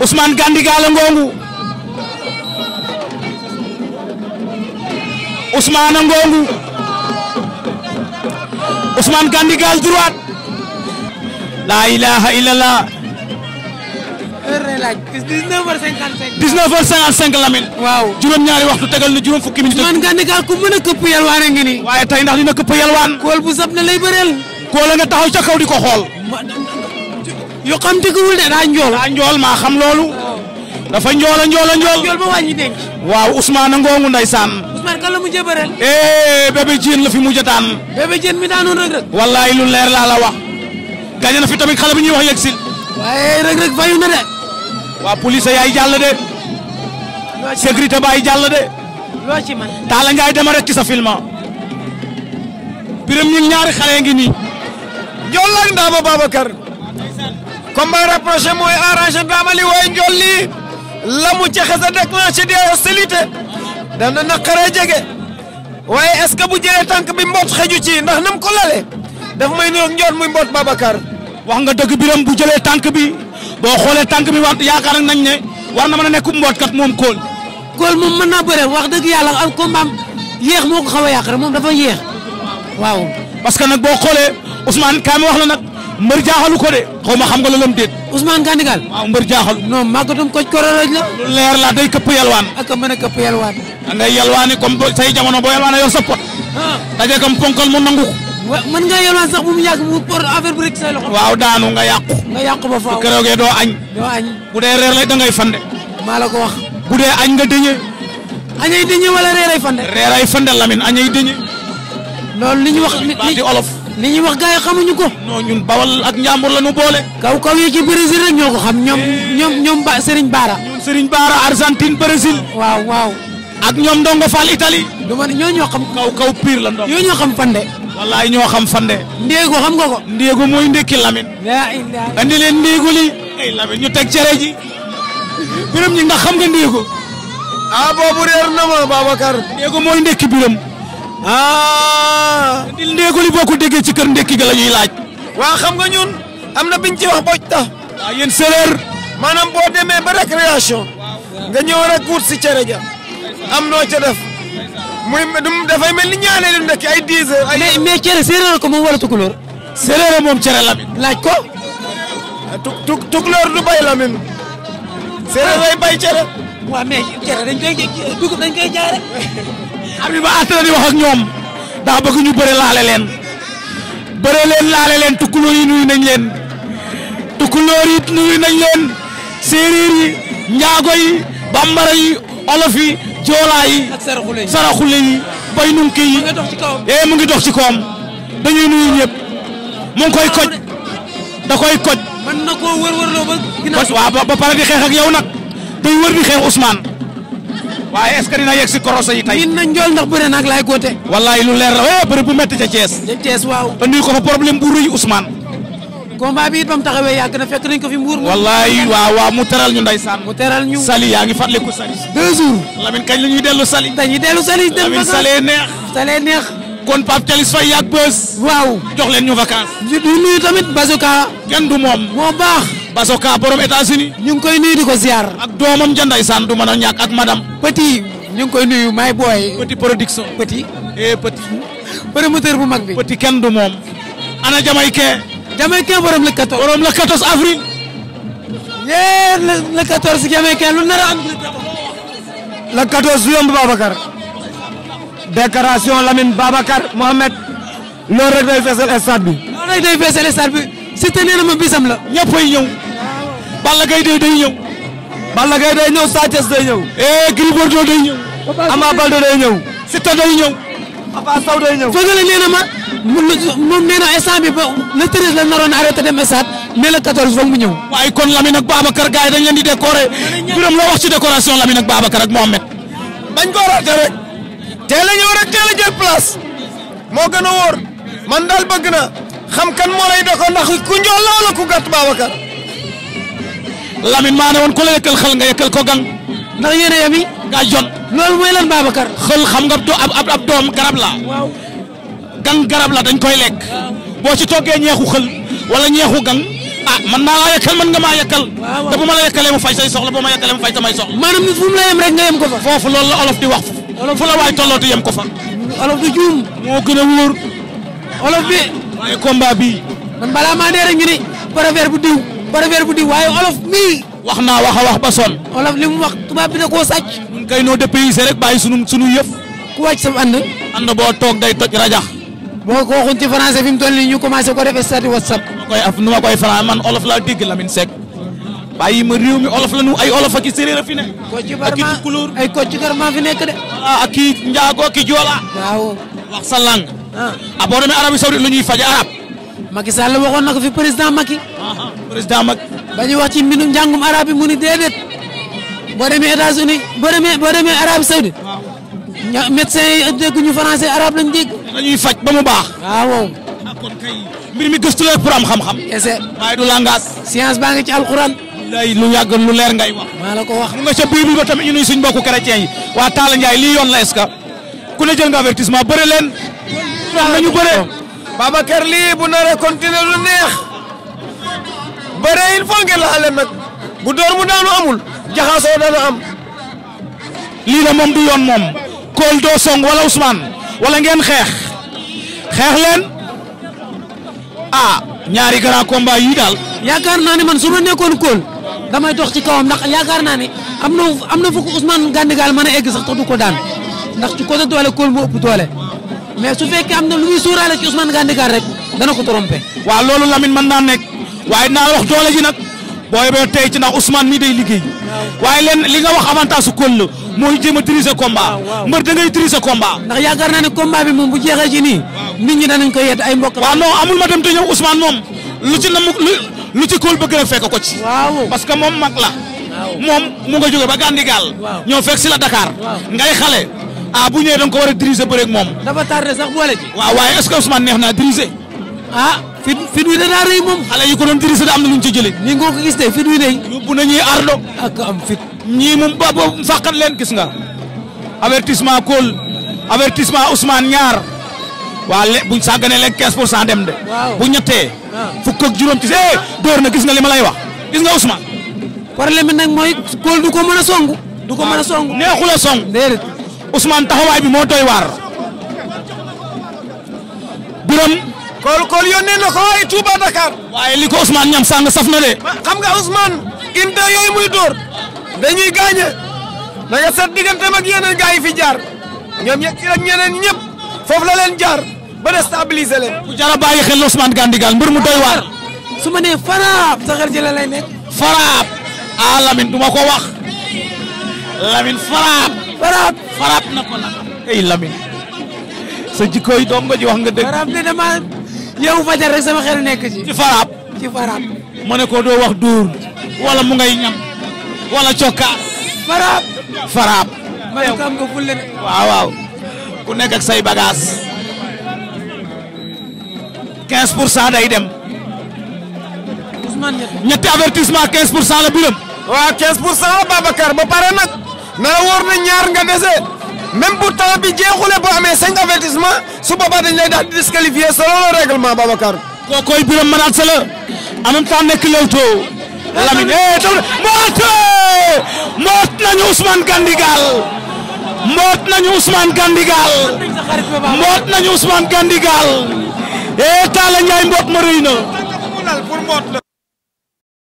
Ousmane Gandiga la ngongu Ousmane ngongu Ousmane Gandiga al droite la ilaha illallah heure laaj 19h55 19h55 Lamine ñaari waxtu tegal na juróom fukki minute Ousmane Gandiga ku mën a këpp yalwaan ngi ni waaye tey ndax dina këpp yalwaan kool bu sab na lay bëreel kool nga taxaw ca kaw di ko xool yoo xam tëgguwul ne daa njool. daa maa xam loolu. dafa njool a njool a njool. njool ba wàññi denc. waaw Ousmane Ngongu ndeysaan. Ousmane kan la mujjee bëreel. Eh, bébé la fi mujj a daan. bébé Diène mi daanoon Reug Reug. wallaay lu leer laa la wax. gaañ na fi tamit xale bu ñuy wax yegg waaye Reug Reug fayu na de. waa police yaay jàll de. sécurité baay jàll de. loo ci man Talla Ndiaye dama rek ci sa filma biram ñun ñaari xale ngi nii. Ndiol ak Ndaba combat rapproché mooy arrangé Dame Aliou waaye njool lii la mu ca xas a déclenché des hostilités dana naqaree jege waaye est-ce que bu jëlee tànk bi mboot xeju ci ndax nam ko lale daf may nuyoog njool muy mboot Babacar. wax nga dëgg biram bu jëlee tànk bi boo xoolee tànk bi wax yaakaar nañ ne war na mën a nekk mboot kat moom Kool. Kool moom mën naa bëre wax dëgg yàlla am combat yéex moo ko xaw yàq moom dafa yéex waaw. parce que nag boo xoolee Ousmane Kame wax la nag. mbër jaaxalu ko de xaw xam nga loolu am déet Ousmane Gandigal waaw mbër jaaxalu non màggatum koc koroloj la lu leer la day këpp yalwaan ak mën a këpp yalwaan da ngay yalwaani comme say jamono boo yalwaan yor sa pot ah. daje kam ponkal mu nangu ko mën nga yalwaan sax bu mu yàgg mu por affaire bi rek say loxo waaw daanu nga yàqu nga yàqu ba faaw keroogee doo añ doo añ bu dee reer lay da ngay fande maa la ko wax bu dee añ nga dëñee añay dëñee wala reeray fande reeray fande Lamine añay dëñee loolu li ñu wax di olof ni ñuy wax gars yi xamuñu ko. non ñun bawal ak njàmbur la ñu boole. kaw kaw yi ci Brésil ñoo ko xam ñoom eh. ñoom ñoom ba Serigne Bara. ñun Serigne Bara Argentine Brésil. waaw waaw. ak ñoom Ndongo Fall Italie. du ma ne ñoo ñoo xam. kaw kaw pire la Ndongo. ñoo ñoo xam Fande. wallaay ñoo xam Fande. Ndéego xam nga ko. Ndéego mooy ndékki Lamine. yaa indaale andi leen Ndéego lii. ñu teg cere ji. biram ñi nga xam nga Ndéego. a ah, boobu réer na ma Babacar. Ndéego mooy ndékki biram ah. ndil ndéego li boo ko ci kër ndekki ga la laaj. waa xam nga ñun am na biñ ci wax boj ta. waaw ah, maanaam boo demee ba récréation. nga ñëw rek wut si cere ja. am noo ca def. muy dafay mel ni ñaanee lu ndekki ay 10 heures. ay cere séeréer ko moom wala tukulóor. séeréer moom cere la laaj ko. tu tu tukulóor du bay la min. séeréer bay cere. waaw mais gerte dañ koy dañ koy jaay rek. Habib Ba àtt di wax ak ñoom daa bëgg ñu bëre laale leen bëre leen laale leen tukkulóor yi nuyu nañ leen tukkulóor yi nuyu nañ leen séeréer yi njaago yi bambara yi olof yi joolaa yi. ak saraxule yi bay nunki yi. mu ngi dox ci kawam eh mu ngi dox ci kawam dañuy nuyu ñëpp mu ngi koy koj da koy koj. mën na koo wër-wër loo ba. pare di xeex ak yow nag. day wër di xeex Ousmane. waaye est-ce que dina yegg si korose yi tey. min na njool ndax bëre na ak laay goote. wallaay lu leer la waaye eh, bëre bu métti ca Thiès. ca Thiès waaw. andi ko fa problème bu rëy Ousmane. combat bi it ba mu taxawee yàgg na fekk nañ ko fi mbuur. wallaay waaw waaw mu teral ñu ndeysaan. mu teral ñu Sali yaa ngi fàttaliku Sali. deux jours. Lamine kañ la dellu Sali. dañuy dellu Sali. dem Lamine Salé neex. Salé neex. kon Pape Thialis Faye yàgg bës. waaw jox leen ñu vacance. di nuyu tamit Bazooka. kenn du moom. moo baax. Basoka borom États-Unis ñu ngi koy nuyu di ko ziar. ak doomam ja ndeysaan du mën a ak madame. petit ñu ngi koy nuyu may booy. petit production petit. eh petit. promoteur bu mag bi. petit kenn du moom. ana Jamaïcain. Jamaïcain borom le 14. borom le 14 avril. yee lu nar a am. yomb Babacar. déclaration Lamine Babacar Mohamed. loolu rek rek day feesal stade bi. si te ma bisam la. ñëppay ñëw. Balla Gaye day day ñëw Balla Gaye day ñëw Sa Thiès day ñëw eh Gris Bordeaux day ñëw Ama Baldé day ñëw Siteu day ñëw Papa Sow day ñëw Feugeule nee na ma moom nee na instant bi ba le treize la naroon arrêté dem stade mais le quatorze foog mu ñëw waaye kon Lamine ak Babacar gars yi dañ leen di décorer biram la wax ci décoration Lamine ak Babacar ak Mohamed bañ ko rek teel a ñëw rek teel a jël place moo gën a wóor man daal bëgg na xam kan moo lay ndax ku njool la wala ku gàtt Babacar Lamine maa ne woon ku la yëkkal xel nga yëkkal ko gang ndax yéen a yem yi lool jot loolu baa lan Babacar xel xam nga ab ab doom garab la gang garab la dañ koy lekk boo ci toggee ñeexu xel wala ñeexu gang ah man naa laa yëkkal man nga maa yëkkal te bu ma la yëkkalee mu fay say soxla bu ma yëkkalee mu fay samay soxla maanaam nit fu mu la yem rek nga yem ko fa foofu loolu la olof di wax fu la waay tollooti yem ko fa olof di juum moo gën a wóor olof bi waaye combat bi man balaa maa dee rek ñu première bu di waaye olof mii. wax naa wax wax ba son olof li mu wax tubaab bi da koo sàcc. ñun kay noo dépaysé rek bàyyi sunu sunu yëf. ku wàcc sam ànd. ànd boo toog day toj rajax. boo ko waxoon ci français fi mu toll ni ñu commencé ko def stati whatsapp. nu ma koy af nu ma koy faral man olof laa dégg Lamine Seck. bàyyi ma riw mi olof la nu ay olof ak i séeréer a fi ne. ak i tukulóor ay Kocc Barma fi nekk de. ah ak i njaago ak i joola. wax sa langue. Ah. ah boo demee Arabie Saoudite lu ñuy faje arab Macky Sall waxoon na fi président Macky. président Macky. ba ñuy wax ci mbindum njàngum arabe bi mu ni déedéet boo demee États-Unis boo demee boo demee Arabie Saoudite. ña médecin yi dégguñu français arabe lañ dégg. dañuy faj ba mu baax. waaw. Ah, kon mi gëstu la pour am xam-xam. kese waaye du langage. science baa ngi ci alxuraan. lay lu yàgg lu leer ngay wax. maa la ko wax. mu nga ca bible ba tamit ñu nuy suñ mbokku chrétien yi waa Talla Ndiaye lii yoon la est ku ne jël nga avertissement bëri leen. ñu bëree Babacar lii bu naree continuer lu neex bëre il faut ngeen laale nag bu door mu daanu amul jaxasoo dana am. lii de moom du yoon moom. Kool doo song wala Ousmane wala ngeen xeex xeex leen ah ñaari grand combat yi daal. yaakaar naa ne man su ma nekkoon Kool damay dox ci kawam ndax yaakaar naa ne am na am na fukk Ousmane Gandigal mën a egg sax tax du ko daan ndax ci côté doole Kool moo ëpp doole. mais su fekkee am na lu muy suuraale ci Ousmane Gandigal rek dana ko trompé. waaw loolu Lamine man naa nekk waaye naa wax doole ji nag boo boo tey ci ndax Ousmane mii day liggéey waaye leen li nga wax avantage su Kol la mooy jéem a triser combat. mbër da ngay triser combat. ndax yaakaar naa ne combat bi moom bu jeexee ci nii. nit ñi danañ ko yedd ay mbokk. waaw non amul ma dem te ñëw Ousmane moom lu ci namu lu ci Kol bëgg rek fekk ko ci. waaw parce que moom mag la. moom mu nga jóge ba Gandigal. ñoo fekk si la Dakar. ngay xale. ah bu ñëwee da nga ko war a diriger bëreeg moom. dafa tardé sax boole ci. waaw waaye est-ce que Ousmane neex naa diriger. ah fit moom. xale yi ko doon diriger da am na lu ñu ci jëlee. ni nga ko gis de fit wi ardo. ñii moom ba boobu leen gis nga. avertissement Kool avertissement Ousmane ñaar waa le buñ sàgganee leen 15 pour cent dem de. bu ñettee. Ah. fukk ak juróom ci eh door na gis nga li ma lay wax gis nga Ousmane. problème bi nag mooy Kool du ko mën a song. du ko mën a song a Ousmane taxawaay bi moo doy waar. Birame. kool kool yónnee na ko waaye Touba Dakar. waaye li ko Ousmane ñam sàng saf na de. xam nga Ousmane. inte yooyu muy dóor. dañuy gaañe. da nga seet digganteem ak yeneen gars yi fi jaar. ñoom ñett rek ñeneen ñëpp. foofu la leen jaar. ba déstabiliser leen. bu jar a bàyyi xel Ousmane Gandigal mbir mu doy waar. su ma nee faraab sa xel jëlee lay nekk. faraab. ah Lamine du ma ko wax. Lamine faraab. faraat faraat na ko nag. ay Lamine. sa jikkooy doom nga ji wax nga dëgg. faraat de dama yow fajar rek sama xel nekk ci. ci faraat ko doo wax duur. wala mu ngay ñam. wala cokkaas. faraat. faraat. ma ne nga fulle de. waaw waaw. ku nekk ak say bagages. 15 pour cent day dem. Ousmane ñetti avertissement 15 pour cent la biram. waaw 15 pour cent ba pare nag. naa war na ñaar nga dese même bu temps bi jeexule ba amee cinq avertissement su boobaa dañ lay daal di disqualifier selon le règlement Babacar. kookoy Birame Manate la en même temps nekk Leewtoo. Lamine eh taw moot eh! moot nañu Ousmane Gandigal moot nañu Ousmane Gandigal moot eh, mboot ma rëy na.